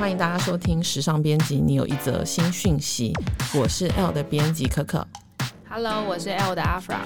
歡迎大家收聽時尚編輯，你有一則新訊息，我是 ELLE 的編輯可可。Hello，我是 ELLE 的 Afra。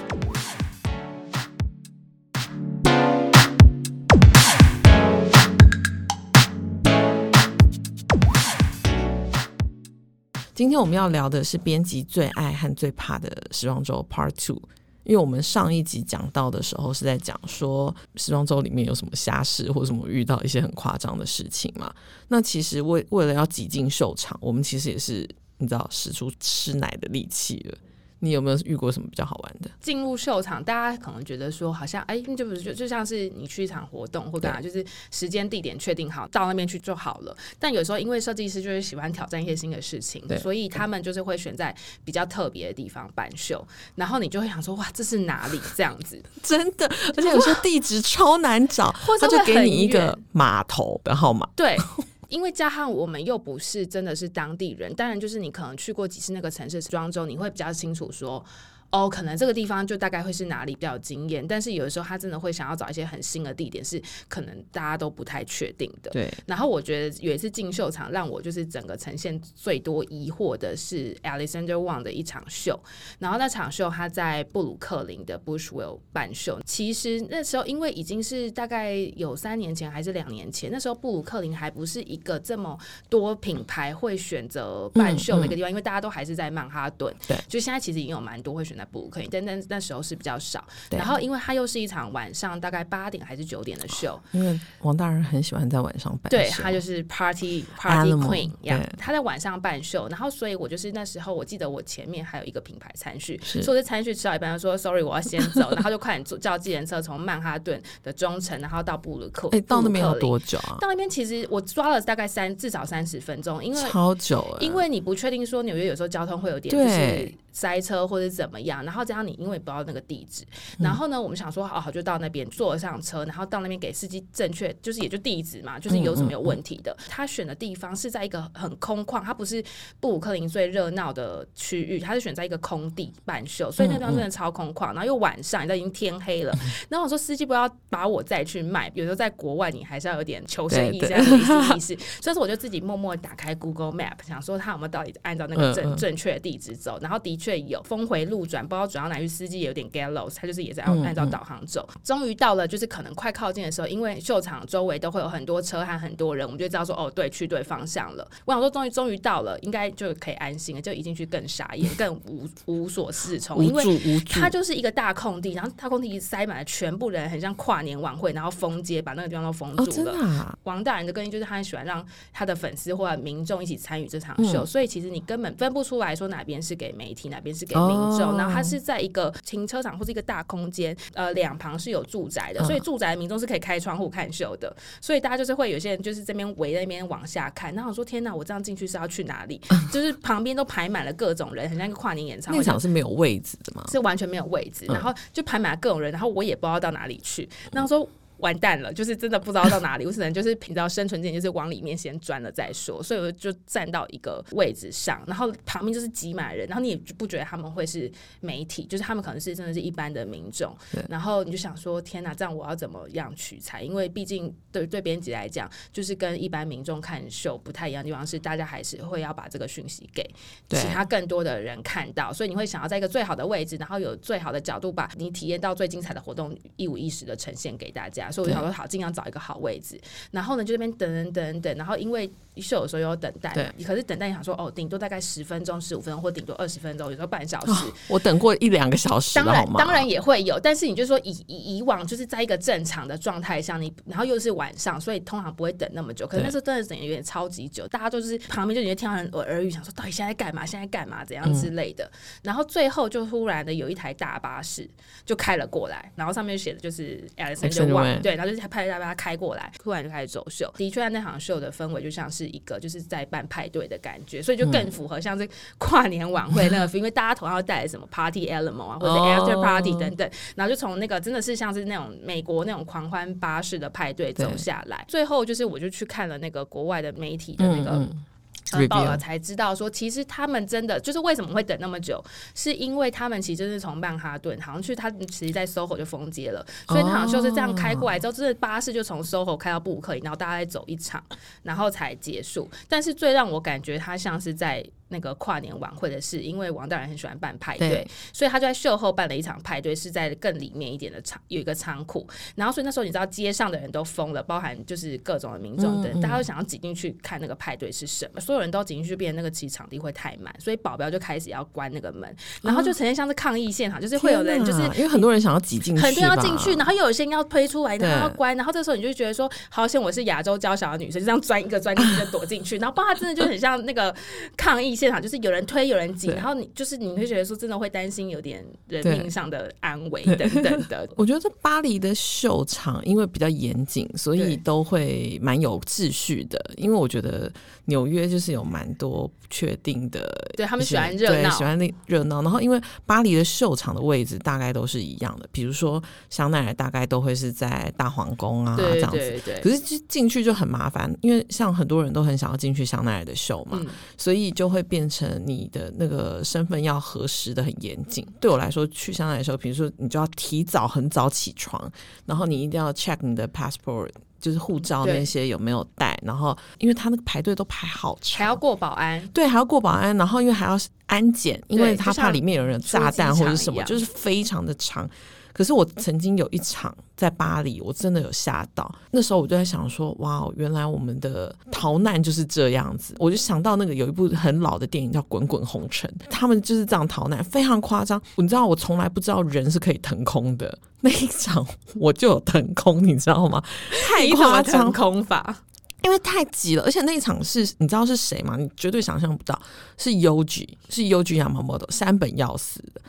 今天我們要聊的是編輯最愛和最怕的時裝週 Part Two。因為我們上一集講到的時候是在講說時裝周裡面有什麼瞎事或者什麼遇到一些很誇張的事情嘛，那其實為為了要擠進秀場，我們其實也是你知道使出吃奶的力氣了。你有沒有遇過什麼比較好玩的？進入秀場，大家可能覺得說，好像哎、欸，就不是就就像是你去一場活動或幹嘛，就是時間地點確定好，到那邊去就好了。但有時候因為設計師就是喜歡挑戰一些新的事情，所以他們就是會選在比較特別的地方辦秀，嗯，然後你就會想說，哇，這是哪裡？這樣子真的，而且有些地址超難找，他就給你一個碼頭的號碼，對。 因為加上我們又不是真的是當地人，當然就是你可能去過幾次那個城市，時裝週你會比較清楚說。哦，可能這個地方就大概會是哪裡比較驚艷，但是有的時候他真的會想要找一些很新的地點，是可能大家都不太確定的。對。然後我覺得有一次進秀場讓我就是整個呈現最多疑惑的是 Alexander Wang 的一場秀，然後那場秀他在布魯克林的 Bushwick 辦秀。其實那時候因為已經是大概有三年前還是兩年前，那時候布魯克林還不是一個這麼多品牌會選擇辦秀的一個地方，嗯嗯，因為大家都還是在曼哈頓。對。就現在其實已經有蠻多會選。那不可以，但那那時候是比較少。啊、然後，因為他又是一場晚上大概八點還是九點的秀，因為王大人很喜歡在晚上辦秀。對，他就是 party party queen，Animal, 樣，他在晚上辦秀。然後，所以我就是那時候，我記得我前面還有一個品牌餐敘，所以我在餐敘吃到一半，他說：“Sorry，我要先走。”然後就快點坐叫計程車從曼哈頓的中城，然後到布魯克。哎、欸，到那邊要多久、啊？到那邊其實我抓了大概三至少三十分鐘，因為超久了，因為你不確定說紐約有時候交通會有點、就是、對。塞車或者怎麼樣，然後這樣你因為不知道那個地址，然後呢，我們想說，好，好就到那邊坐上車，然後到那邊給司機正確，就是也就地址嘛，就是有什麼有問題的。嗯嗯嗯、他選的地方是在一個很空曠，他不是布魯克林最熱鬧的區域，他是選在一個空地辦秀，所以那地方真的超空曠、嗯嗯。然後又晚上，你知道已經天黑了，然後我說司機不要把我再去賣。有時候在國外你還是要有點求生意識意思意思。 所以說我就自己默默地打開 Google Map，想說他有沒有到底按照那個正、嗯嗯、正確的地址走，然後的確。卻有峰迴路轉，不知道轉到哪去。司機也有點 get lost，他就是也在按照導航走。嗯嗯，終於到了，就是可能快靠近的時候，因為秀場周圍都會有很多車和很多人，我們就知道說哦，對，去對方向了。我想說，終於終於到了，應該就可以安心了。就一進去，更傻眼，更無無所適從， 因為它就是一個大空地，然後大空地一塞滿了全部人，很像跨年晚會。然後封街，把那個地方都封住了。哦啊、王大仁的根因就是他很喜歡讓他的粉絲或者民眾一起參與這場秀，嗯嗯，所以其實你根本分不出來說哪邊是給媒體。那邊是給民眾，Oh. 然後它是在一個停車場或者一個大空間，呃，兩旁是有住宅的，Uh. 所以住宅的民眾是可以開窗戶看秀的。所以大家就是會有些人就是這邊圍在那邊往下看，然後說：“天哪，我這樣進去是要去哪裡？” Uh. 就是旁邊都排滿了各種人，很像一個跨年演唱會 場是沒有位置的嗎？是完全沒有位置，然後就排滿了各種人，然後我也不知道到哪裡去。然後說。Uh. 嗯完蛋了，就是真的不知道到哪裡，我只能就是憑着生存這點，就是往裡面先鑽了再說。所以我就站到一個位置上，然後旁邊就是擠滿人，然後你也不覺得他們會是媒體，就是他們可能是真的是一般的民眾。然後你就想說，天哪，這樣我要怎麼樣取材？因為畢竟對對編輯來講，就是跟一般民眾看秀不太一樣的地方是，大家還是會要把這個訊息給其他更多的人看到。所以你會想要在一個最好的位置，然後有最好的角度，把你體驗到最精彩的活動一五一十的呈現給大家。所以我想說好，盡量找一個好位置。然後呢，就那邊等人等等。然後因為秀的時候又有等待，對，可是等待你想說哦，頂多大概十分鐘、十五分鐘，或頂多二十分鐘，有時候半小時。啊、我等過一兩個小時好，當然當然也會有。但是你就是說以以以往，就是在一個正常的狀態下，你然後又是晚上，所以通常不會等那麼久。可是那時候真的等的有點超級久，大家都是旁邊就直接聽到人耳耳語，想說到底現在，在幹嘛？現在，在幹嘛？怎樣之類的？嗯、然後最後就突然的有一台大巴士就開了過來，然後上面就寫的就是 Alexander Wang。對，然後就是他拍他開過來，突然就開始走秀。的確，那場秀的氛圍就像是一個就是在辦派對的感覺，所以就更符合像是跨年晚會那個 feel，嗯，因為大家頭上戴什麼 party element 啊， 或者 after party 等等，哦，然後就從那個真的是像是那種美國那種狂歡巴士的派對走下來。最後就是我就去看了那個國外的媒體的那個、嗯。嗯然後、嗯、我才知道說，其實他們真的就是為什麼會等那麼久，是因為他們其實是從曼哈頓好像去，他們其實在 SOHO 就封街了，所以他就是這樣開過來之後，真的巴士就從 SOHO 開到布魯克林，然後大家再走一場，然後才結束。但是最讓我感覺他像是在。那個跨年晚會的事，因為王大仁很喜歡辦派對，對，所以他就在秀後辦了一場派對，是在更裡面一點的場，有一個倉庫。然後，所以那時候你知道，街上的人都瘋了，包含就是各種的民眾等，大家都想要擠進去看那個派對是什麼。嗯、所有人都擠進去，變成那個其實場地會太滿，所以保鏢就開始要關那個門，然後就呈現像是抗議現場，啊、就是會有人就是因為很多人想要擠進去，很多人要進去，然後又有一些要推出來，然後要關。然後這時候你就覺得說，好像我是亞洲嬌小的女生，就這樣鑽一個鑽一個，一個躲進去。 然後，包括他真的就很像那個抗議。現場就是有人推有人擠，然後你就是你會覺得說真的會擔心有點人命上的安危等等的。 我覺得這巴黎的秀場因為比較嚴謹，所以都會蠻有秩序的。因為我覺得紐約就是有蠻多不確定的，對他們喜歡熱鬧，喜歡那熱鬧。然後因為巴黎的秀場的位置大概都是一樣的，比如說香奈兒大概都會是在大皇宮啊這樣子。對對對，可是進去就很麻煩，因為像很多人都很想要進去香奈兒的秀嘛，嗯，所以就會。變成你的那個身份要核實的很嚴謹。對我來說，去香港的時候，比如說你就要提早很早起床，然後你一定要 check 你的 passport，就是護照那些有沒有帶。然後，因為他那個排隊都排好長，還要過保安，對，還要過保安。然後因為還要安檢，因為他怕裡面有人炸彈或者是什麼就，就是非常的長。可是我曾經有一場在巴黎，我真的有嚇到。那時候我就在想說，哇，原來我們的逃難就是這樣子。我就想到那個有一部很老的電影叫《滾滾紅塵》，他們就是這樣逃難，非常誇張。你知道我從來不知道人是可以騰空的，那一場我就有騰空，你知道嗎？太誇張空法，因為太急了，而且那一場是你知道是誰嗎？你絕對想象不到，是 Yohji，是 Yohji Yamamoto，山本耀司的。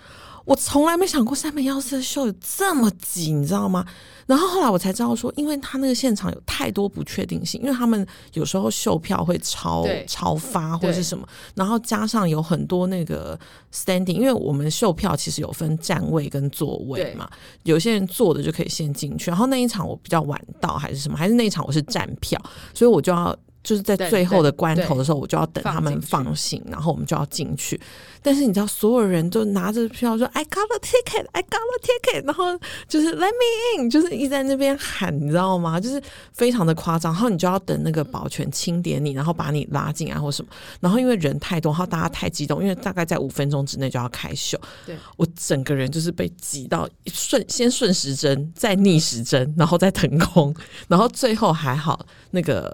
我從來沒想過山本耀司的秀有這麼擠，你知道嗎？然後後來我才知道說，因為他那個現場有太多不確定性，因為他們有時候秀票會超超發或者是什麼，然後加上有很多那個 standing，因為我們秀票其實有分站位跟座位嘛，有些人坐的就可以先進去。然後那一場我比較晚到還是什麼，還是那一場我是站票，嗯、所以我就要。就是在最後的關頭的時候，我就要等他們放行，放然後我們就要進去。但是你知道，所有人都拿着票說 “I got a ticket, I got a ticket”，然後就是 “Let me in”，就是一直在那邊喊，你知道嗎？就是非常的誇張。然後你就要等那個保全清點你，然後把你拉進來或什麼。然後因為人太多，然後大家太激動，因為大概在五分鐘之內就要開秀。對，我整個人就是被擠到順先順時針，再逆時針，然後再騰空，然後最後還好那個。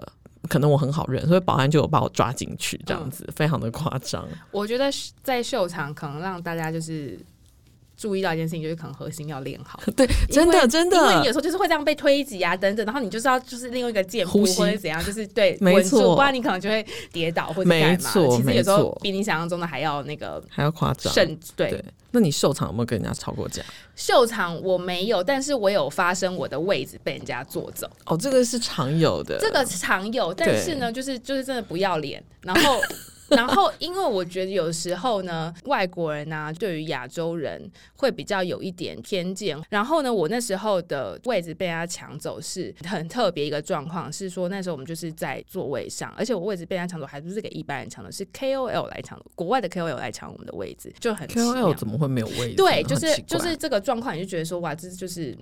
可能我很好認，所以保安就有把我抓進去，這樣子，嗯、非常的誇張。我覺得在秀場可能讓大家就是。注意到一件事情，就是可能核心要練好。對，真的真的，因為你有時候就是會這樣被推擠啊，等等，然後你就知道就是另外一個箭步或者怎樣，就是對沒錯。不然你可能就會跌倒或者幹嘛。沒錯，其實有時候比你想象中的還要那個，還要誇張。甚至對，對，那你秀場有沒有跟人家吵過架？秀場我沒有，但是我有發生我的位置被人家坐走。哦，這個是常有的，這個常有，但是呢，就是就是真的不要臉，然後。 然後，因為我覺得有時候呢，外國人啊對於亞洲人會比較有一點偏見。然後呢，我那時候的位置被他搶走，是很特別一個狀況。是說那時候我們就是在座位上，而且我位置被他搶走，還不是給一般人搶的，是 KOL 來搶，國外的 KOL 來搶我們的位置，就很奇怪，KOL 怎麼會沒有位置？對，就是就是這個狀況，你就覺得說哇，這就是。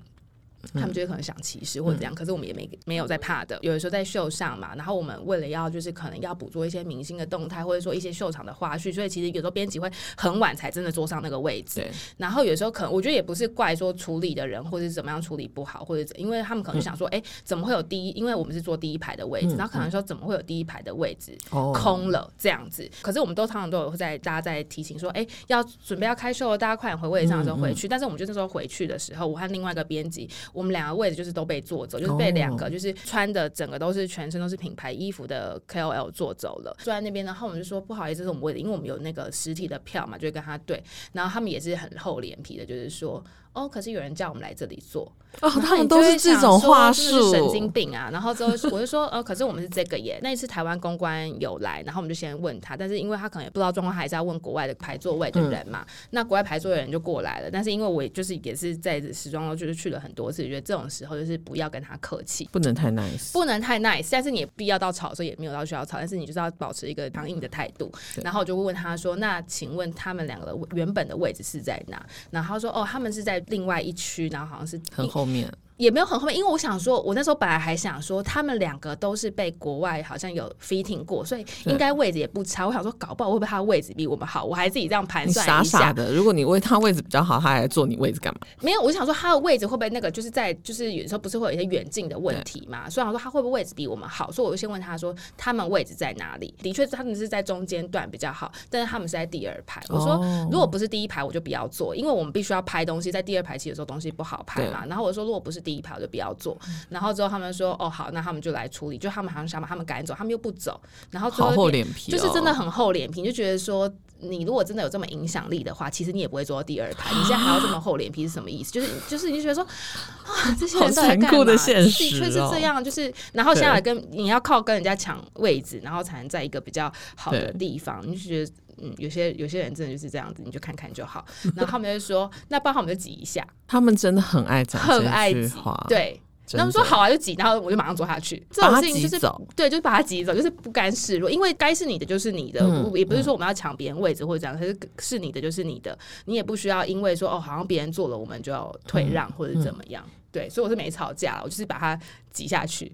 他們就會可能想歧視或者怎樣，嗯，可是我們也沒沒有在怕的。有的時候在秀上嘛，然後我們為了要就是可能要捕捉一些明星的動態，或者說一些秀場的花絮，所以其實有時候編輯會很晚才真的坐上那個位置。嗯、然後有時候可能我覺得也不是怪說處理的人或者是怎麼樣處理不好，或者是因為他們可能想說，哎、嗯欸，怎麼會有第一？因為我們是坐第一排的位置，嗯，然後可能說怎麼會有第一排的位置、嗯、空了這樣子。可是我們都常常都有在大家在提醒說，哎、欸，要準備要開秀了，大家快點回位上，時候回去、嗯嗯。但是我們就那時候回去的時候，我和另外一個編輯。我們兩個位置就是都被坐走，就是被兩個就是穿的整個都是全身都是品牌衣服的 KOL 坐走了，坐在那邊。然後我們就說不好意思，是我們位置，因為我們有那個實體的票嘛，就跟他對。然後他們也是很厚臉皮的，就是說哦、喔，可是有人叫我們來這裡坐。哦，他們都是這種話術，神經病啊！然後之後我就說哦、呃，可是我們是這個耶。那一次台灣公關有來，然後我們就先問他，但是因為他可能也不知道狀況，他還是要問國外的排座位的人嘛。那國外排座位的人就過來了，但是因為我就是也是在時裝周就是去了很多次。我覺得這種時候就是不要跟他客氣，不能太 nice，不能太 nice。但是你也必要到吵的時候也沒有到需要吵，但是你就是要保持一個強硬的態度。然後我就問他說：“那請問他們兩個的原本的位置是在哪？”然後他說：“哦，他們是在另外一區，然後好像是很後面。”也沒有很後面，因為我想說，我那時候本來還想說，他們兩個都是被國外好像有 fitting 過，所以應該位置也不差。我想說，搞不好會不會他的位置比我們好？我還自己這樣盤算一下傻傻的。如果你為他位置比較好，他還坐你位置幹嘛？沒有，我想說他的位置會不會那個就是在就是有時候不是會有一些遠近的問題嘛？所以我想說他會不會位置比我們好？所以我就先問他說他們位置在哪裡？的確，他們是在中間段比較好，但是他們是在第二排。我說如果不是第一排，我就不要坐。哦，因為我們必須要拍東西，在第二排其實有時候東西不好拍嘛。然後我說如果不是第一排。第一排我就不要坐，然後之後他們說，哦，好，那他們就來處理，就他們好像想把他們趕走，他們又不走，然後，後好厚臉皮哦，就是真的很厚臉皮，就覺得說。你如果真的有這麼影響力的話，其實你也不會坐到第二排。你現在還要這麼厚臉皮是什麼意思？就 是就是，就是、你就覺得說，啊，這些很殘酷的現實、哦，的確是這樣。就是，然後現在跟你要靠跟人家搶位置，然後才能在一個比較好的地方。你就覺得，嗯，有些有些人真的就是這樣子，你就看看就好。然後他們就說， 那幫他我們就擠一下。他們真的很愛擠，很愛擠，對。他們說好啊，就擠，然後我就馬上坐下去。這種事情就是，對，就是把他擠走，就是不甘示弱。因為該是你的就是你的，嗯、也不是說我們要搶別人位置或者這樣，他、嗯、是是你的就是你的，你也不需要因為說哦，好像別人做了，我們就要退讓或者怎麼樣、嗯嗯。對，所以我是沒吵架，我就是把他擠下去。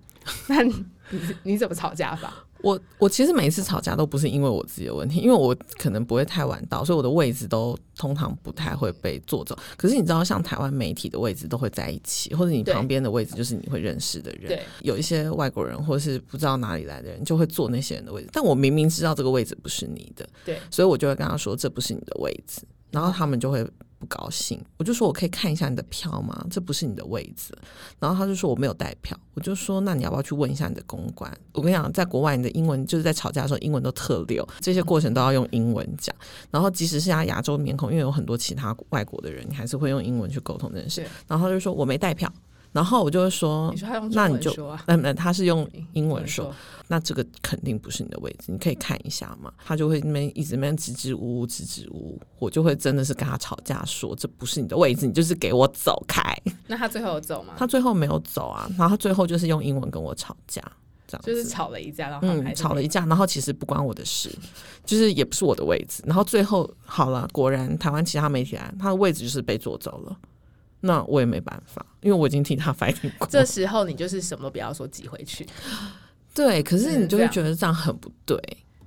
那你你，你怎麼吵架法？ 我我其實每一次吵架都不是因為我自己的問題，因為我可能不會太晚到，所以我的位置都通常不太會被坐走。可是你知道，像台灣媒體的位置都會在一起，或者你旁邊的位置就是你會認識的人。對，有一些外國人或者是不知道哪裡來的人就會坐那些人的位置，但我明明知道這個位置不是你的，對，所以我就會跟他說，這不是你的位置，然後他們就會。不高興，我就說我可以看一下你的票嗎？這不是你的位置。然後他就說我沒有帶票。我就說那你要不要去問一下你的公關？我跟你講，在國外你的英文就是在吵架的時候英文都特溜，這些過程都要用英文講。嗯。然後即使是亞洲面孔，因為有很多其他外國的人，你還是會用英文去溝通這件事。然後他就說我沒帶票。然後我就會說，你說他用中文說啊、那你就那那他是用英文說，說，那這個肯定不是你的位置，你可以看一下嘛。他、嗯、就會在那邊一直那邊支支吾吾，支支吾吾，我就會真的是跟他吵架說，說這不是你的位置，嗯，你就是給我走開。那他最後走嗎？他最後沒有走啊，然後他最後就是用英文跟我吵架，這樣子就是吵了一架，然後還、嗯、吵了一架，然後其實不關我的事，就是也不是我的位置。然後最後好了，果然台灣其他媒體來、呃，他的位置就是被坐走了。那我也沒辦法，因為我已經替他反映過。這時候你就是什麼都不要說，擠回去，對，可是你就會覺得這樣很不對，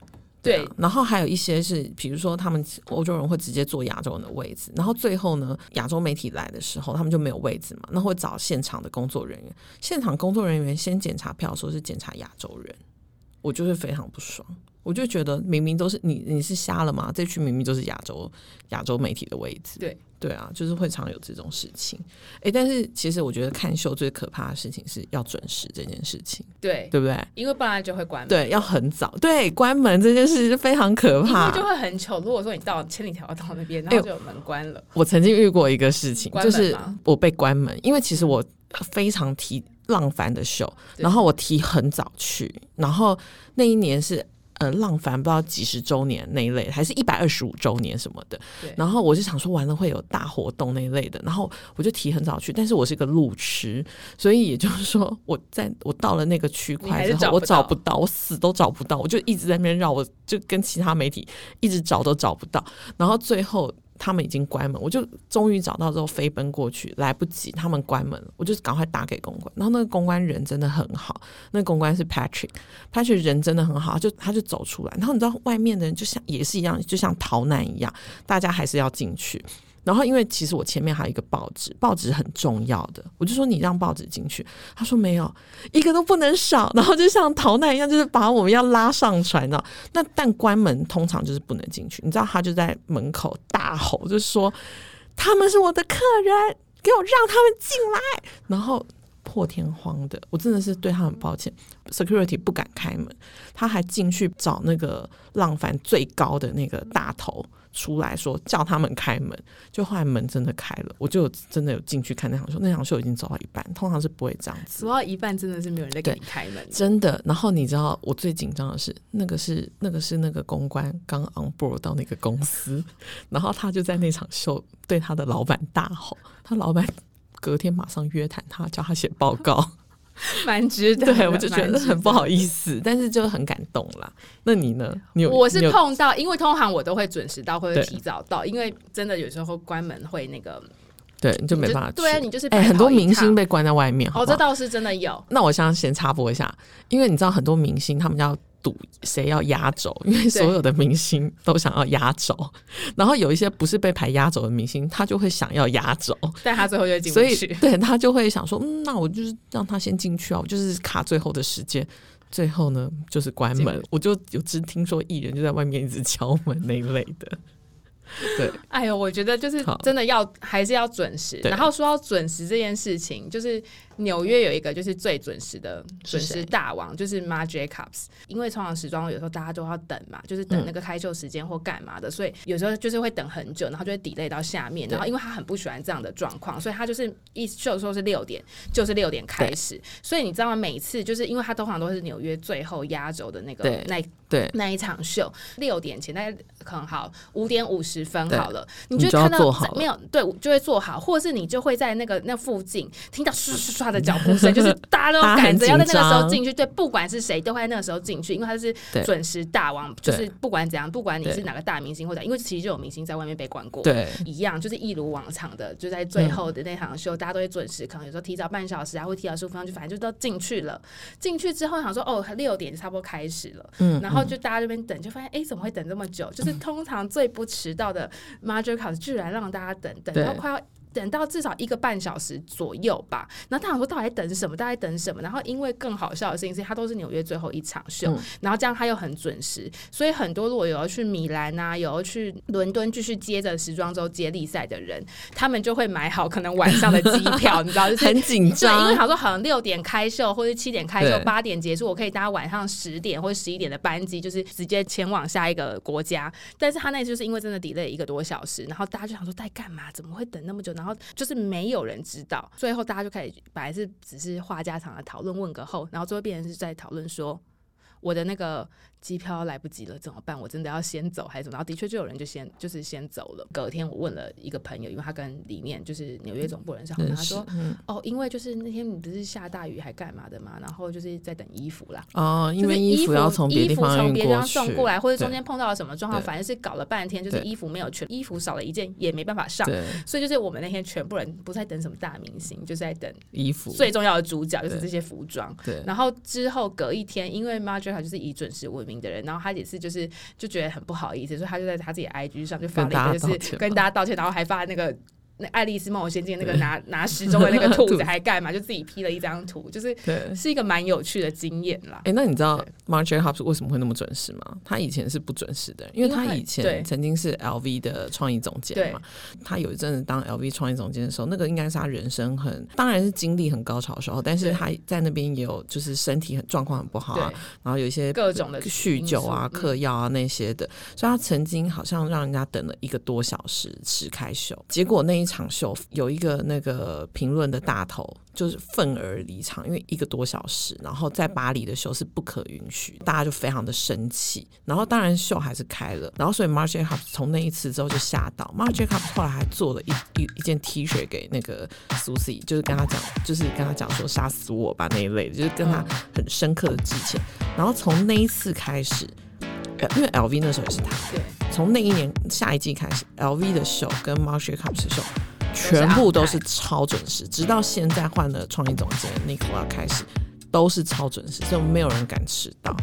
嗯，對啊。對，然後還有一些是，比如說他們歐洲人會直接坐亞洲人的位置，然後最後呢，亞洲媒體來的時候，他們就沒有位置嘛，那會找現場的工作人員，現場工作人員先檢查票，說是檢查亞洲人，我就是非常不爽。我就覺得明明都是你，你是瞎了嗎？這區明明就是亞洲亞洲媒體的位置，對對啊，就是會常有這種事情。哎、欸，但是其實我覺得看秀最可怕的事情是要準時這件事情，對對不對？因為不然就會關門，對，要很早，對，關門這件事情非常可怕，就會很糗。如果說你到千里迢迢到那邊，那就有門關了、欸。我曾經遇過一個事情，就是我被關門，因為其實我非常提浪帆的秀，然後我提很早去，然後那一年是。呃、嗯，浪凡不知道幾十周年那一類，還是一百二十五周年什麼的。對。然後我就想說，完了會有大活動那一類的。然後我就提很早去，但是我是一個路痴，所以也就是說，我在我到了那個區塊之後，我找不到，我死都找不到，我就一直在那邊繞，我就跟其他媒體一直找都找不到。然後最後。他們已經關門，我就終於找到之後飛奔過去，來不及，他們關門了，我就趕快打給公關。然後那個公關人真的很好，那個公關是 Patrick，Patrick Patrick 人真的很好，就他就走出來。然後你知道外面的人就像也是一樣，就像逃難一樣，大家還是要進去。然後，因為其實我前面還有一個報紙，報紙很重要的，我就說你讓報紙進去。他說沒有，一個都不能少。然後就像逃難一樣，就是把我們要拉上船呢。那但關門通常就是不能進去，你知道？他就在門口大吼，就說他們是我的客人，給我讓他們進來。然後。破天荒的，我真的是對他很抱歉。Security 不敢開門，他還進去找那個浪凡最高的那個大頭出來說，叫他們開門。就後來門真的開了，我就真的有進去看那場秀。那場秀已經走到一半，通常是不會這樣子。走到一半真的是沒有人敢開門，真的。然後你知道我最緊張的是，那個是那個是那個公關剛 on board 到那個公司， 然後他就在那場秀對他的老闆大吼，他老闆。隔天馬上約談他，叫他寫報告，蠻值得。 對，我就覺得很不好意思，但是就很感動啦。那你呢？你，我是碰到，因為通行我都會準時到或者提早到，因為真的有時候關門會那個，對，你就，你就沒辦法，對啊，你就是哎、欸、很多明星被關在外面好好，哦，這倒是真的有。那我想先插播一下，因為你知道很多明星他們家，賭誰要壓軸，因為所有的明星都想要壓軸，然後有一些不是被排壓軸的明星，他就會想要壓軸， 但他最後就進不去，所以對他就會想說，嗯，那我就是讓他先進去啊，就是卡最後的時間，最後呢就是關門，我就有只聽說藝人就在外面一直敲門那一類的。對，哎呦，我覺得就是真的要還是要準時。然後說到準時這件事情，就是紐約有一個就是最準時的準時大王，就是 Marc Jacobs，因為通常時裝有時候大家都要等嘛，就是等那個開秀時間或幹嘛的，嗯、所以有時候就是會等很久，然後就會 delay 到下面。然後因為他很不喜歡這樣的狀況，所以他就是一秀的時候是六點，就是六點開始。所以你知道嗎？每次就是因為他通常都是紐約最後壓軸的那個對那對那一場秀六點前，大家可能好，五點五十。分好了，你就會看到就要做好了沒有？對，就會做好，或是你就會在那個那附近聽到唰唰唰的腳步聲， 就是大家都趕着要在那個時候進去。對，不管是誰，都會在那個時候進去，因為他是準時大王。就是不管怎樣，不管你是哪個大明星或者，因為其實就有明星在外面被關過，過，對，一樣就是一如往常的，就在最後的那場秀，大家都會準時，可能有時候提早半小時、啊，或提早十五分鐘，就反正就都進去了。進去之後想說，哦，六點就差不多開始了，嗯，然後就大家這邊等，就發現哎，怎麼會等這麼久、嗯？就是通常最不遲到、嗯。的 Marc Jacobs 居然讓大家等等到快要。等到至少一個半小時左右吧。然後他想說到底等什麼？到底等什麼？然後因為更好笑的事情是，他都是紐約最後一場秀。嗯、然後這樣他又很準時，所以很多如果有要去米蘭吶、啊，有要去倫敦繼續接着時裝週接力賽的人，他們就會買好可能晚上的機票， 你知道就是、很緊張，因為他說好像六點開秀，或者七點開秀，八點結束，我可以搭晚上十點或者十一點的班機，就是直接前往下一個國家。但是他那次就是因為真的 delay 一個多小時，然後大家就想說在幹嘛？怎麼會等那麼久呢？然後就是沒有人知道，最後大家就開始，本來是只是話家常的討論，問個候，然後最後變成是在討論說我的那個。機票來不及了怎麼辦？我真的要先走還是怎麼？然後的確就有人就先就是先走了。隔天我問了一個朋友，因為他跟裡面就是紐約總部人商，嗯嗯、他說：“哦，因為就是那天你不是下大雨還幹嘛的嘛？然後就是在等衣服啦。哦”哦、就是，因為衣服要從衣服從別的地方送過來，或者中間碰到了什麼狀況，反正是搞了半天，就是衣服沒有全，衣服少了一件也沒辦法上對。所以就是我們那天全部人不是在等什麼大明星，就是在等衣服，最重要的主角就是這些服裝。對。然後之後隔一天，因為 Margaret 就是以準時聞名的人，然後他也是，就是就覺得很不好意思，所以他就在他自己的 IG 上就發了一個，就是跟大家道歉，然後還發那個。那《愛麗絲夢遊仙境》那個拿拿時鐘的那個兔子還蓋嘛，就自己 P 了一張圖，就是對，是一個蠻有趣的經驗啦。哎、欸，那你知道 Marc Jacobs 為什麼會那麼準時嗎？他以前是不準時的，因為他以前曾經是 LV 的創意總監嘛。他有一陣子當 LV 創意總監的時候，那個應該是他人生很，當然是經歷很高潮的時候，但是他在那邊也有就是身體很狀況很不好啊，然後有一些各種的酗酒啊、嗑藥啊那些的，所以他曾經好像讓人家等了一個多小時吃開秀，結果那一次。場秀有一個那個評論的大頭就是憤而離場，因為一個多小時，然後在巴黎的時候是不可允許，大家就非常的生氣，然後當然秀還是開了，然後所以 Marc Jacobs 從那一次之後就嚇到 ，Marc Jacobs 後來還做了一一一件 T 恤給那個 Susie，就是跟他講，就是跟他講說殺死我吧那一類的，就是跟他很深刻的致歉，然後從那一次開始。因為 LV 那時候也是他，對。從那一年下一季開始，LV 的秀跟 Marc Jacobs 的秀，全部都是超準時，直到現在換了創意總監 Nicolas 開始，都是超準時，就沒有人敢遲到。